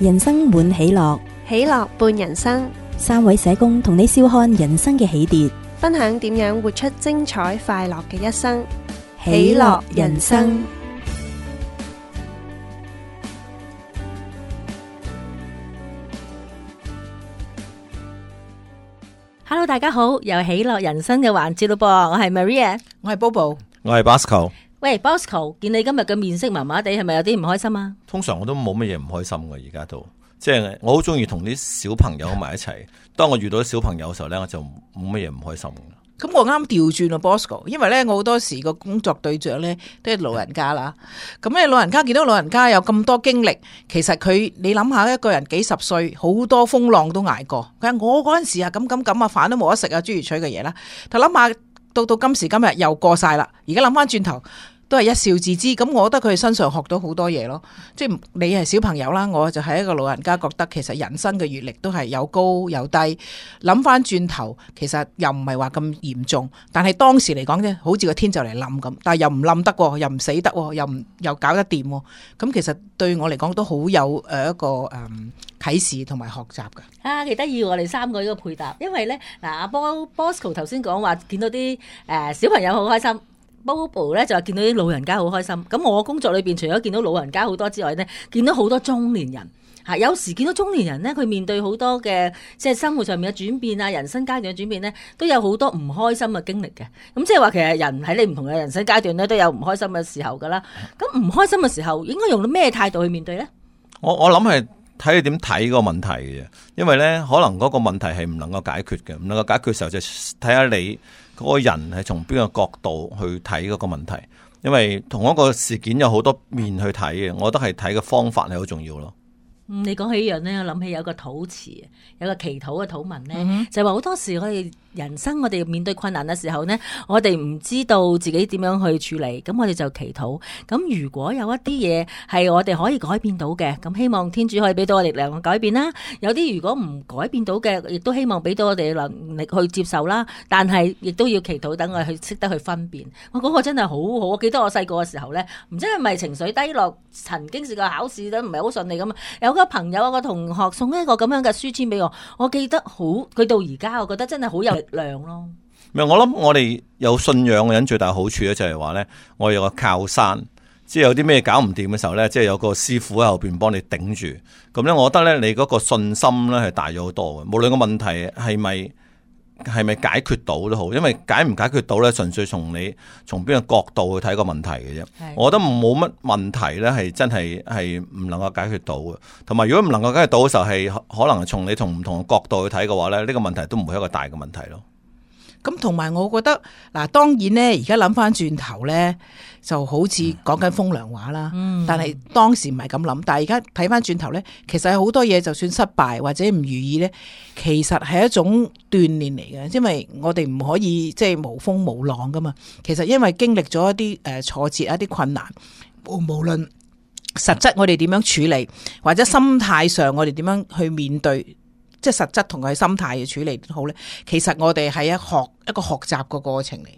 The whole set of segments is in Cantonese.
人生滿喜樂，喜樂伴人生。三位社工同你笑看人生嘅起跌，分享點樣活出精彩快樂嘅一生。喜樂人生。Hello，大家好，又係喜樂人生嘅環節咯噃，我係 Maria，我係 Bobo，我係 Bosco。喂，Bosco，見你今日嘅面色麻麻地，係咪有啲唔開心啊？通常我都冇乜嘢唔開心嘅，而家都即係我好中意同啲小朋友喺埋一齊。當我遇到小朋友嘅時候咧，我就冇乜嘢唔開心嘅。咁我啱調轉啦，Bosco，因為咧我好多時個工作對象咧都係 老人家啦。咁咧老人家見到老人家有咁多經歷，其實佢你諗下一個人幾十歲，好多風浪都捱過。佢話我嗰陣時啊，咁咁咁啊，飯都冇得食啊，諸如取嘅嘢啦。但諗下到到今時今日又過晒啦，而家諗翻轉頭。都係一笑自知，咁我覺得佢身上學到好多嘢咯。即係你係小朋友啦，我就係一個老人家，覺得其實人生嘅閱歷都係有高有低。諗翻轉頭，其實又唔係話咁嚴重，但係當時嚟講呢，好似個天就嚟冧咁，但係又唔冧得喎，又唔死得喎，又又搞得掂喎。咁、嗯、其實對我嚟講都好有誒一個誒、嗯、啟示同埋學習嘅。啊，幾得意！我哋三個呢個配搭，因為呢，嗱、啊，阿波 Bosco 頭先講話見到啲誒、呃、小朋友好開心。Bobo 咧就話見到啲老人家好開心，咁我工作裏邊除咗見到老人家好多之外呢，見到好多中年人吓，有時見到中年人呢，佢面對好多嘅即係生活上面嘅轉變啊，人生階段嘅轉變呢，都有好多唔開心嘅經歷嘅。咁即係話其實人喺你唔同嘅人生階段呢，都有唔開心嘅時候㗎喇。咁唔開心嘅時候，時候應該用到咩態度去面對呢？我我諗係睇你點睇嗰個問題嘅，因為呢，可能嗰個問題係唔能夠解決嘅，唔能夠解決嘅時候就睇下你，嗰個人係從邊個角度去睇嗰個問題？因為同一個事件有好多面去睇嘅，我覺得係睇嘅方法係好重要咯。嗯，你講起呢樣咧，我諗起有個土詞，有個祈禱嘅土文咧，嗯、哼就係話好多時我哋。人生我哋面對困難嘅時候呢，我哋唔知道自己點樣去處理，咁我哋就祈禱。咁如果有一啲嘢係我哋可以改變到嘅，咁希望天主可以俾到我力量改變啦。有啲如果唔改變到嘅，亦都希望俾到我哋嘅能力去接受啦。但係亦都要祈禱，等我哋去識得去分辨。我嗰個真係好好，我記得我細個嘅時候呢，唔知係咪情緒低落，曾經試過考試都唔係好順利咁。有個朋友，有個同學送一個咁樣嘅書籤俾我，我記得好，佢到而家，我覺得真係好有，力量咯，咪我諗我哋有信仰嘅人最大好處咧就係話咧，我有個靠山，即係有啲咩搞唔掂嘅時候咧，即係有個師傅喺後邊幫你頂住，咁咧我覺得咧你嗰個信心咧係大咗好多嘅，無論個問題係咪。係咪解決到都好，因為解唔解決到咧，純粹從你從邊個角度去睇個問題嘅啫。我覺得冇乜問題咧，係真係係唔能夠解決到嘅。同埋如果唔能夠解決到嘅時候，係可能從你從唔同嘅角度去睇嘅話咧，呢、這個問題都唔會一個大嘅問題咯。咁同埋，我覺得嗱，當然咧，而家諗翻轉頭咧，就好似講緊風涼話啦、嗯。但係當時唔係咁諗，但係而家睇翻轉頭咧，其實好多嘢就算失敗或者唔如意咧，其實係一種鍛鍊嚟嘅，因為我哋唔可以即係無風無浪㗎嘛。其實因為經歷咗一啲誒挫折、一啲困難，無無論，無論實質我哋點樣處理，或者心態上我哋點樣去面對。即係實質同佢心態嘅處理好咧，其實我哋係一學一個學習嘅過程嚟。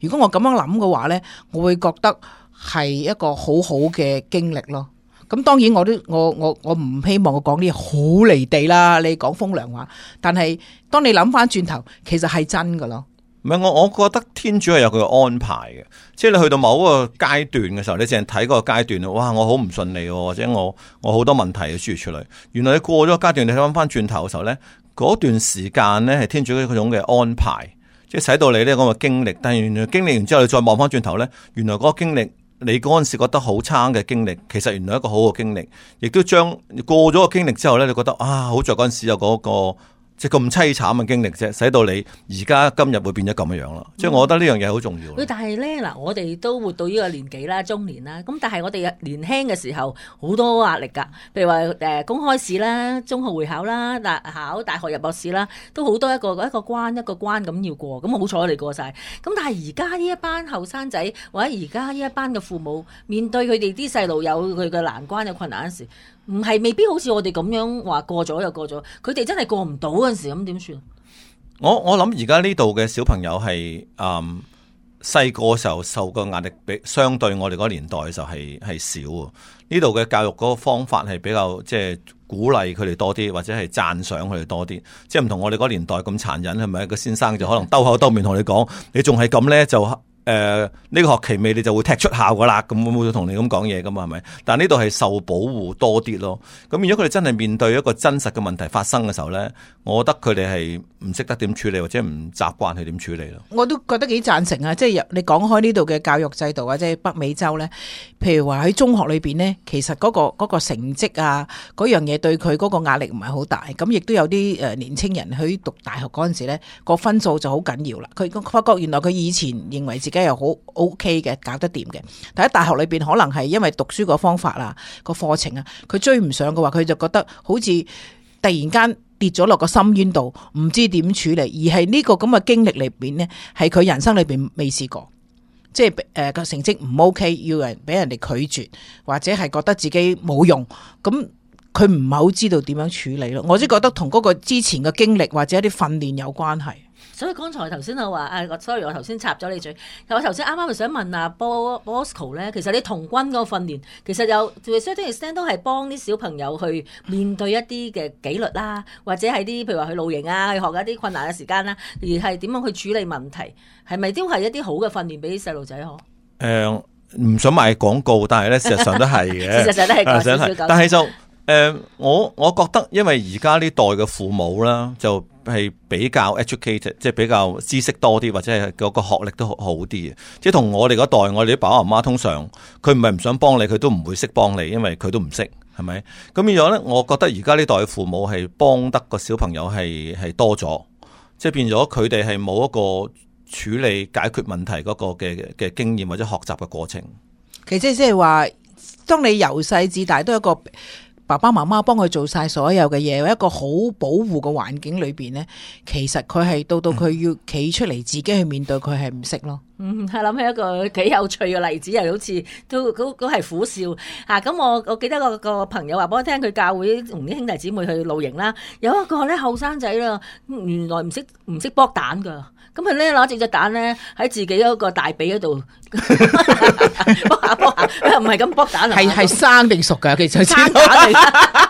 如果我咁樣諗嘅話咧，我會覺得係一個好好嘅經歷咯。咁、嗯、當然我都我我我唔希望我講啲好離地啦，你講風涼話。但係當你諗翻轉頭，其實係真㗎咯。唔係我，我覺得天主係有佢嘅安排嘅。即係你去到某一個階段嘅時候，你淨係睇嗰個階段咯。哇！我好唔順利，啊，或者我我好多問題要處理。原來你過咗個階段，你翻翻轉頭嘅時候呢，嗰段時間呢係天主嗰種嘅安排，即係使到你呢咁嘅經歷。但係原來經歷完之後，你再望翻轉頭呢，原來嗰個經歷，你嗰陣時覺得好差嘅經歷，其實原來一個好嘅經歷，亦都將過咗個經歷之後呢，你覺得啊，好在嗰陣時有嗰、嗰個。即咁淒慘嘅經歷啫，使到你而家今日會變咗咁樣樣啦。嗯、即係我覺得呢樣嘢好重要。但係咧嗱，我哋都活到呢個年紀啦，中年啦。咁但係我哋年輕嘅時候好多壓力噶，譬如話誒、呃、公開試啦、中學會考啦、嗱，考大學入博士啦，都好多一個一個關一個關咁要過。咁好彩你過晒。咁但係而家呢一班後生仔或者而家呢一班嘅父母，面對佢哋啲細路有佢嘅難關嘅困難嗰時。唔係未必好似我哋咁樣話過咗又過咗，佢哋真係過唔到嗰陣時，咁點算？我我諗而家呢度嘅小朋友係，嗯，細個時候受嘅壓力比相對我哋嗰個年代就係係少啊。呢度嘅教育嗰個方法係比較即係、即係、鼓勵佢哋多啲，或者係讚賞佢哋多啲，即係唔同我哋嗰個年代咁殘忍係咪？嗰個先生就可能兜口兜面同你講，你仲係咁咧就。誒，呢、呃呢個學期未，你就會踢出校噶啦，咁我冇同你咁講嘢噶嘛，係咪？但呢度係受保護多啲咯。咁如果佢哋真係面對一個真實嘅問題發生嘅時候呢，我覺得佢哋係唔識得點處理或者唔習慣去點處理咯。我都覺得幾贊成啊，即係你講開呢度嘅教育制度啊，即係北美洲呢，譬如話喺中學裏邊呢，其實嗰、嗰個、嗰個成績啊，嗰樣嘢對佢嗰個壓力唔係好大。咁亦都有啲誒年青人去讀大學嗰陣時咧，個分數就好緊要啦。佢發覺原來佢以前認為自梗係好 OK 嘅，搞得掂嘅。但喺大學裏邊，可能係因為讀書個方法啦、個課程啊，佢追唔上嘅話，佢就覺得好似突然間跌咗落個深淵度，唔知點處理。而係呢個咁嘅經歷裏邊呢，係佢人生裏邊未試過，即係誒個成績唔 OK，要人俾人哋拒絕，或者係覺得自己冇用，咁佢唔係好知道點樣處理咯。我只覺得同嗰個之前嘅經歷或者一啲訓練有關係。所以剛才頭先我話誒，sorry，我頭先插咗你嘴。我頭先啱啱想問啊，Bo Bosco 咧，其實你童軍嗰個訓練，其實有，to a certain extent 都係幫啲小朋友去面對一啲嘅紀律啦，或者係啲譬如話去露營啊，去學一啲困難嘅時間啦，而係點樣去處理問題，係咪都係一啲好嘅訓練俾啲細路仔呵？誒，唔想賣廣告，但係咧，事實上都係嘅，事實上都係，事實上都係。但係就誒，我我覺得，因為而家呢代嘅父母啦，就。係比較 educated，即係比較知識多啲，或者係嗰個學歷都好啲嘅。即係同我哋嗰代，我哋啲爸爸媽媽通常，佢唔係唔想幫你，佢都唔會識幫你，因為佢都唔識，係咪？咁變咗呢，我覺得而家呢代父母係幫得個小朋友係係多咗，即係變咗佢哋係冇一個處理解決問題嗰個嘅嘅經驗或者學習嘅過程。其實即係話，當你由細至大都一個。爸爸媽媽幫佢做晒所有嘅嘢，喺一個好保護嘅環境裏邊咧，其實佢係到到佢要企出嚟自己去面對，佢係唔識咯。嗯，係諗起一個幾有趣嘅例子，又好似都都都係苦笑吓。咁我我記得個個朋友話俾我聽，佢教會同啲兄弟姊妹去露營啦。有一個咧後生仔咯，原來唔識唔識剝蛋噶。咁佢咧攞住隻蛋咧喺自己嗰個大髀嗰度剝下剝下，唔係咁剝蛋啊。係係生定熟噶，其實。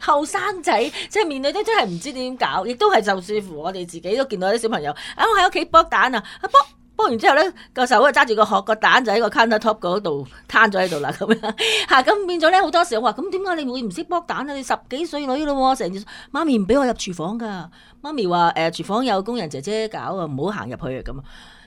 後生仔即係面對啲真係唔知點搞，亦都係就視乎我哋自己都見到啲小朋友啊！我喺屋企卜蛋啊，卜卜完之後咧個手啊揸住個殼個蛋就喺個 counter top 嗰度攤咗喺度啦咁樣吓，咁、啊、變咗咧好多時候話咁點解你會唔識卜蛋啊？你十幾歲女咯喎，成日媽咪唔俾我入廚房噶，媽咪話誒、呃、廚房有工人姐姐搞啊，唔好行入去啊咁。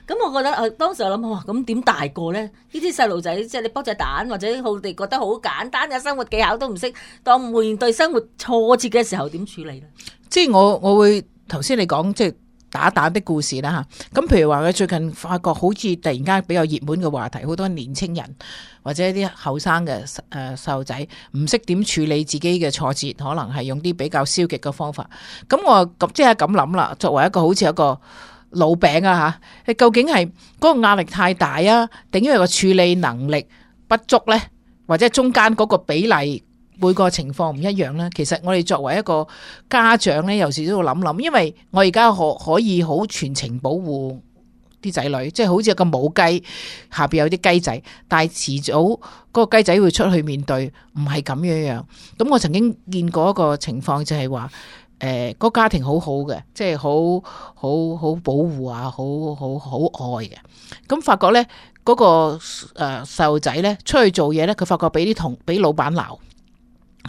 咁我覺得，誒當時我諗，哇！咁點大個咧？呢啲細路仔，即係你剝隻蛋，或者好哋覺得好簡單嘅生活技巧都唔識，當面對生活挫折嘅時候點處理咧？即係我，我會頭先你講，即係打蛋的故事啦，嚇、啊。咁譬如話，佢最近發覺好似突然間比較熱門嘅話題，好多年青人或者啲後生嘅誒細路仔唔識點處理自己嘅挫折，可能係用啲比較消極嘅方法。咁我即係咁諗啦，作為一個好似一個。老餅啊嚇！係究竟係嗰個壓力太大啊，定因為個處理能力不足呢？或者中間嗰個比例每個情況唔一樣呢？其實我哋作為一個家長呢，有時都要諗諗，因為我而家可可以好全程保護啲仔女，即係好似有個母雞下邊有啲雞仔，但係遲早嗰個雞仔會出去面對，唔係咁樣樣。咁、嗯、我曾經見過一個情況就，就係話。誒，個家庭好好嘅，即係好好好保護啊，好好好愛嘅。咁發覺咧，嗰個誒細路仔咧出去做嘢咧，佢發覺俾啲同俾老闆鬧，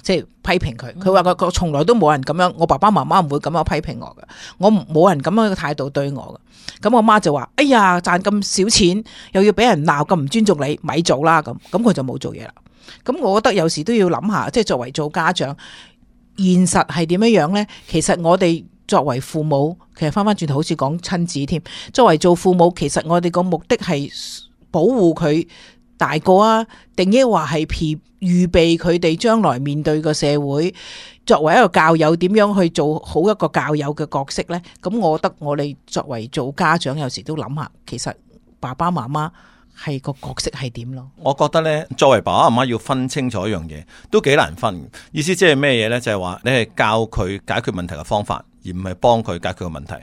即係批評佢。佢話佢個從來都冇人咁樣，我爸爸媽媽唔會咁樣批評我嘅，我冇人咁樣嘅態度對我嘅。咁我媽就話，哎呀，賺咁少錢，又要俾人鬧，咁唔尊重你，咪做啦。咁咁佢就冇做嘢啦。咁我覺得有時都要諗下，即係作為做家長。現實係點樣樣呢？其實我哋作為父母，其實翻翻轉頭好似講親子添。作為做父母，其實我哋個目的係保護佢大個啊，定抑或係備預備佢哋將來面對個社會。作為一個教友，點樣去做好一個教友嘅角色呢？咁我覺得我哋作為做家長，有時都諗下，其實爸爸媽媽。係個角色係點咯？我覺得呢，作為爸爸媽媽要分清楚一樣嘢，都幾難分。意思即係咩嘢呢？就係話你係教佢解決問題嘅方法，而唔係幫佢解決個問題。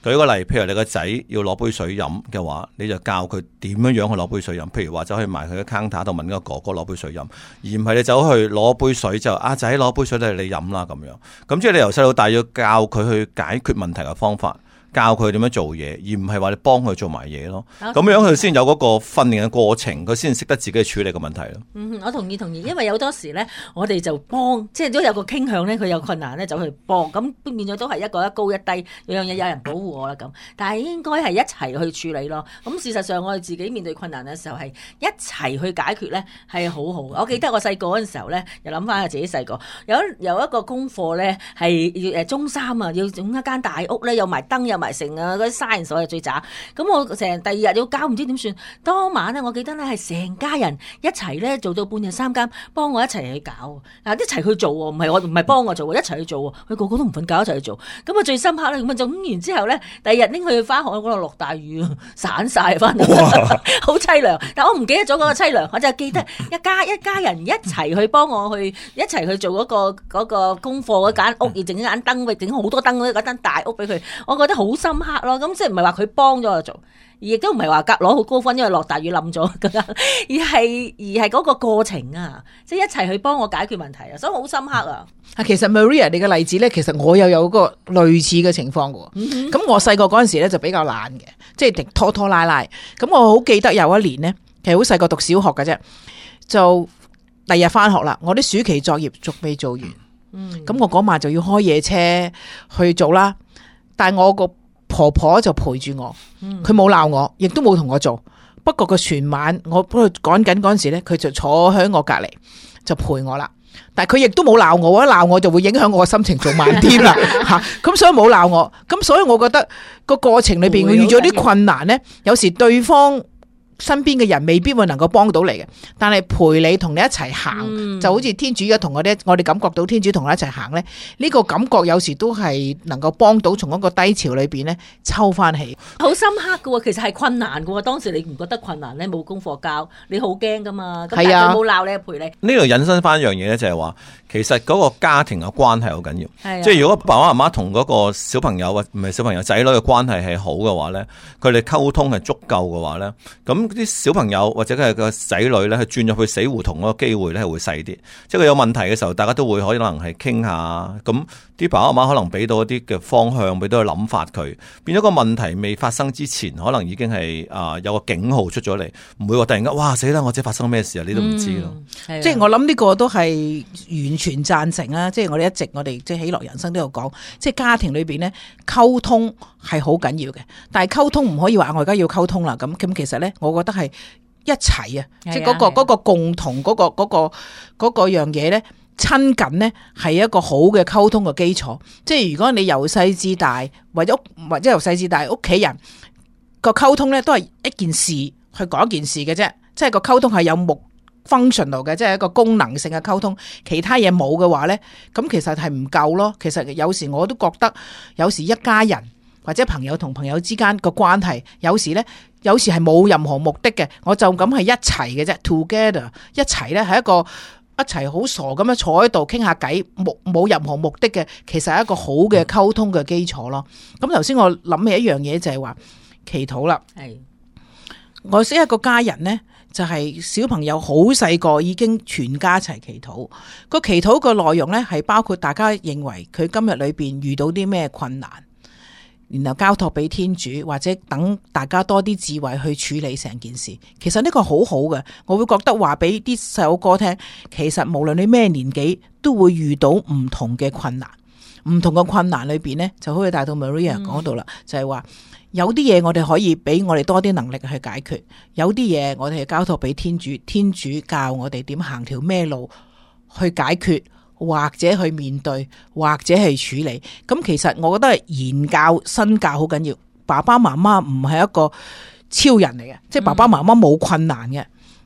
舉個例，譬如你個仔要攞杯水飲嘅話，你就教佢點樣樣去攞杯水飲。譬如話走去埋佢嘅 counter 度問嗰個哥哥攞杯水飲，而唔係你走去攞杯水，就話阿仔攞杯水嚟你飲啦咁樣。咁即係你由細到大要教佢去解決問題嘅方法。教佢點樣做嘢，而唔係話你幫佢做埋嘢咯。咁、嗯、樣佢先有嗰個訓練嘅過程，佢先識得自己處理個問題咯。嗯，我同意同意，因為有多時咧，我哋就幫，即係都有個傾向咧，佢有困難咧就去幫。咁變咗都係一個一高一低，有樣嘢有人保護我啦咁。但係應該係一齊去處理咯。咁事實上我哋自己面對困難嘅時候係一齊去解決咧，係好好。我記得我細個嗰陣時候咧，又諗翻自己細個有有一個功課咧，係要誒中三啊，要整一間大屋咧，有埋燈，有埋。成啊嗰啲沙人所又最渣，咁我成日第二日要搞唔知點算，當晚咧我記得咧係成家人一齊咧做到半夜三更，幫我一齊去搞，嗱一齊去做喎，唔係我唔係幫我做，一齊去做喎，佢個個都唔瞓覺一齊去做，咁啊最深刻咧咁啊，整完之後咧，第二日拎佢去翻學嗰度落大雨，散晒翻嚟，好哇 淒涼，但我唔記得咗嗰個淒涼，我就記得一家一家人一齊去幫我去一齊去做嗰個嗰個功課嗰間屋而整間燈，整好多燈嗰間大屋俾佢，我覺得好。好深刻咯，咁即係唔係話佢幫咗我做，而亦都唔係話隔籬攞好高分，因為落大雨冧咗，而係而係嗰個過程啊，即係一齊去幫我解決問題啊，所以好深刻啊。啊，其實 Maria 你嘅例子咧，其實我又有個類似嘅情況噶。咁、嗯嗯、我細個嗰陣時咧就比較懶嘅，即係拖拖拉拉。咁我好記得有一年呢，其實好細個讀小學㗎啫，就第日返學啦，我啲暑期作業仲未做完，咁、嗯、我嗰晚就要開夜車去做啦，但係我個。婆婆就陪住我，佢冇鬧我，亦都冇同我做。不過個全晚我幫佢趕緊嗰陣時咧，佢就坐喺我隔籬就陪我啦。但係佢亦都冇鬧我，一鬧我就會影響我嘅心情做慢啲啦。吓、 啊，咁所以冇鬧我。咁所以我覺得個過程裏邊會遇咗啲困難咧，有時對方。身邊嘅人未必會能夠幫到你嘅，但係陪你同你一齊行，嗯、就好似天主嘅同我哋，我哋感覺到天主同我一齊行咧，呢、這個感覺有時都係能夠幫到從嗰個低潮裏邊咧抽翻起。好深刻噶，其實係困難噶，當時你唔覺得困難咧？冇功課交，你好驚噶嘛？係啊，冇鬧你，陪你。呢度、啊、引申翻一樣嘢咧，就係話，其實嗰個家庭嘅關係好緊要。啊、即係如果爸爸媽媽同嗰個小朋友或唔係小朋友仔女嘅關係係好嘅話咧，佢哋溝通係足夠嘅話咧，咁。啲小朋友或者佢係個仔女咧，佢轉入去死胡同嗰個機會咧係會細啲。即係佢有問題嘅時候，大家都會可能係傾下。咁啲爸爸媽媽可能俾到一啲嘅方向，俾到個諗法佢。變咗個問題未發生之前，可能已經係啊、呃、有個警號出咗嚟，唔會話突然間哇死啦！我知發生咩事啊？你都唔知咯、嗯。即係我諗呢個都係完全贊成啦，即係我哋一直我哋即係喜樂人生都有講，即係家庭裏邊呢溝通係好緊要嘅。但係溝通唔可以話我而家要溝通啦。咁咁其實咧我。我覺得係一齊啊，的即係嗰、嗰個的、嗰個嗰個共同嗰、嗰個嗰、嗰個、嗰個樣嘢咧，親近咧係一個好嘅溝通嘅基礎。即係如果你由細至大，或者或者由細至大屋企人個溝通咧，都係一件事去講一件事嘅啫。即係個溝通係有目 functional 嘅，即係一個功能性嘅溝通，其他嘢冇嘅話咧，咁其實係唔夠咯。其實有時我都覺得，有時一家人。或者朋友同朋友之間個關係，有時呢，有時係冇任何目的嘅。我就咁係一齊嘅啫，together 一齊呢，係一個一齊好傻咁樣坐喺度傾下偈，冇冇任何目的嘅，其實係一個好嘅溝通嘅基礎咯。咁頭先我諗起一樣嘢就係話祈禱啦。是我識一個家人呢，就係、是、小朋友好細個已經全家一齊祈禱。個祈禱個內容呢，係包括大家認為佢今日裏邊遇到啲咩困難。然後交託俾天主，或者等大家多啲智慧去處理成件事。其實呢個好好嘅，我會覺得話俾啲細佬哥聽。其實無論你咩年紀，都會遇到唔同嘅困難。唔同嘅困難裏邊呢，就可以帶到 Maria 講到啦，嗯、就係話有啲嘢我哋可以俾我哋多啲能力去解決，有啲嘢我哋係交託俾天主，天主教我哋點行條咩路去解決。或者去面對，或者去處理。咁其實我覺得係言教身教好緊要。爸爸媽媽唔係一個超人嚟嘅，嗯、即係爸爸媽媽冇困難嘅，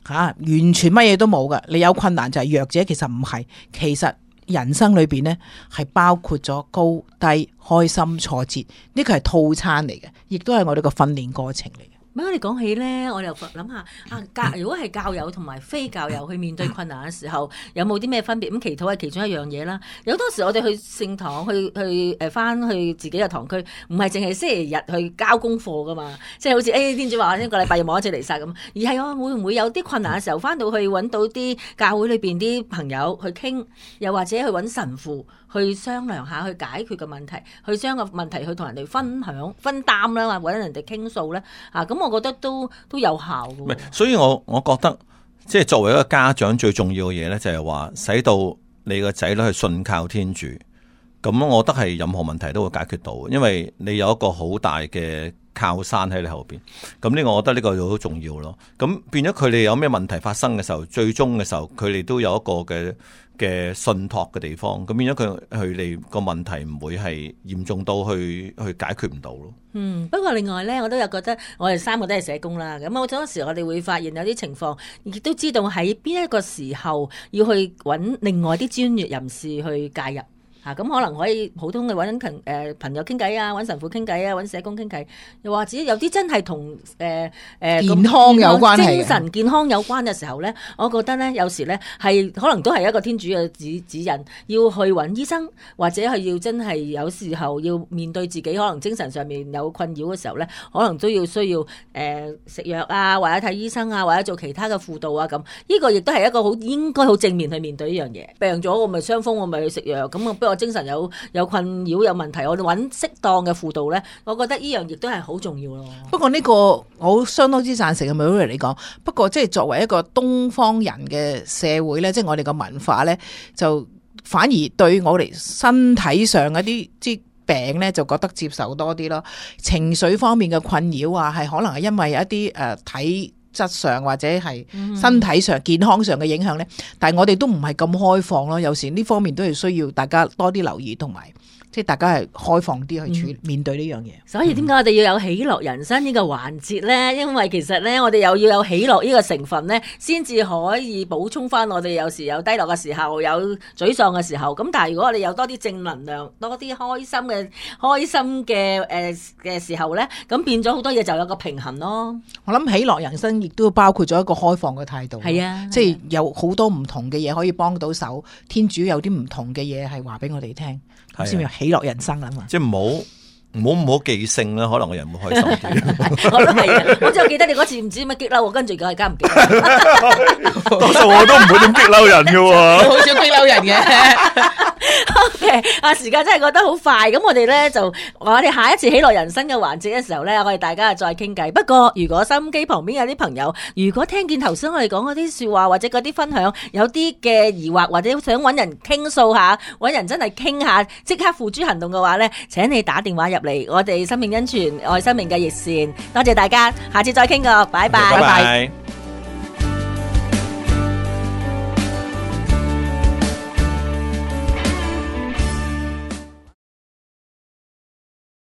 吓、啊、完全乜嘢都冇嘅。你有困難就係弱者，其實唔係。其實人生裏邊呢，係包括咗高低、開心、挫折，呢個係套餐嚟嘅，亦都係我哋個訓練過程嚟。咁我哋講起咧，我哋又諗下啊教，如果係教友同埋非教友去面對困難嘅時候，有冇啲咩分別？咁祈禱係其中一樣嘢啦。有好多時我哋去聖堂去去誒翻去自己嘅堂區，唔係淨係星期日去交功課噶嘛，即係好似誒天主話一個禮拜要摸一次嚟曬咁，而係我會唔會有啲困難嘅時候，翻到去揾到啲教會裏邊啲朋友去傾，又或者去揾神父去商量下去解決嘅問題，去將個問題去同人哋分享分擔啦，或者人哋傾訴咧啊咁。啊啊。我覺得都都有效嘅。所以我我覺得，即係作為一個家長最重要嘅嘢呢，就係話使到你個仔女去信靠天主。咁，我覺得係任何問題都會解決到，因為你有一個好大嘅靠山喺你後邊。咁呢個，我覺得呢個就好重要咯。咁變咗，佢哋有咩問題發生嘅時候，最終嘅時候，佢哋都有一個嘅。嘅信託嘅地方，咁變咗佢佢哋個問題唔會係嚴重到去去解決唔到咯。嗯，不過另外咧，我都有覺得我哋三個都係社工啦。咁我好多時我哋會發現有啲情況，亦都知道喺邊一個時候要去揾另外啲專業人士去介入。咁、啊、可能可以普通嘅揾朋誒朋友傾偈啊，揾神父傾偈啊，揾社工傾偈、啊，又或者有啲真係同誒誒健康有關、精神健康有關嘅時候咧，我覺得咧有時咧係可能都係一個天主嘅指指引，要去揾醫生，或者係要真係有時候要面對自己可能精神上面有困擾嘅時候咧，可能都要需要誒食藥啊，或者睇醫生啊，或者做其他嘅輔導啊咁，呢、這個亦都係一個好應該好正面去面對呢樣嘢。病咗我咪傷風，我咪去食藥，咁我精神有有困擾有問題，我哋揾適當嘅輔導咧，我覺得呢樣亦都係好重要咯，這個。不過呢個我相當之贊成啊，Marilyn 你講。不過即係作為一個東方人嘅社會咧，即係我哋個文化咧，就反而對我哋身體上一啲即病咧，就覺得接受多啲咯。情緒方面嘅困擾啊，係可能係因為有一啲誒睇。呃質上或者係身體上、健康上嘅影響咧，但係我哋都唔係咁開放咯。有時呢方面都係需要大家多啲留意，同埋。即係大家係開放啲去處理、嗯、面對呢樣嘢，所以點解我哋要有喜樂人生呢個環節呢？因為其實呢，我哋又要有喜樂呢個成分呢，先至可以補充返我哋有時有低落嘅時候，有沮喪嘅時候。咁但係如果我哋有多啲正能量，多啲開心嘅開心嘅誒嘅時候呢，咁變咗好多嘢就有個平衡咯。我諗喜樂人生亦都包括咗一個開放嘅態度，係啊，啊即係有好多唔同嘅嘢可以幫到手。天主有啲唔同嘅嘢係話俾我哋聽。係啊，喜樂人生啊嘛。即冇唔好唔好記性啦，可能個人會開心啲。我真係記得你嗰次唔知點樣激嬲，我，跟住而家家唔記得。我都唔會點激嬲人嘅，好少激嬲人嘅。O K，啊時間真係覺得好快，咁我哋咧就我哋下一次喜樂人生嘅環節嘅時候咧，我哋大家再傾偈。不過如果收音機旁邊有啲朋友，如果聽見頭先我哋講嗰啲說話或者嗰啲分享，有啲嘅疑惑或者想揾人傾訴下，揾人真係傾下，即刻付諸行動嘅話咧，請你打電話入。我哋生命恩泉，愛生命嘅熱線，多謝大家，下次再傾過，拜拜。拜拜拜拜。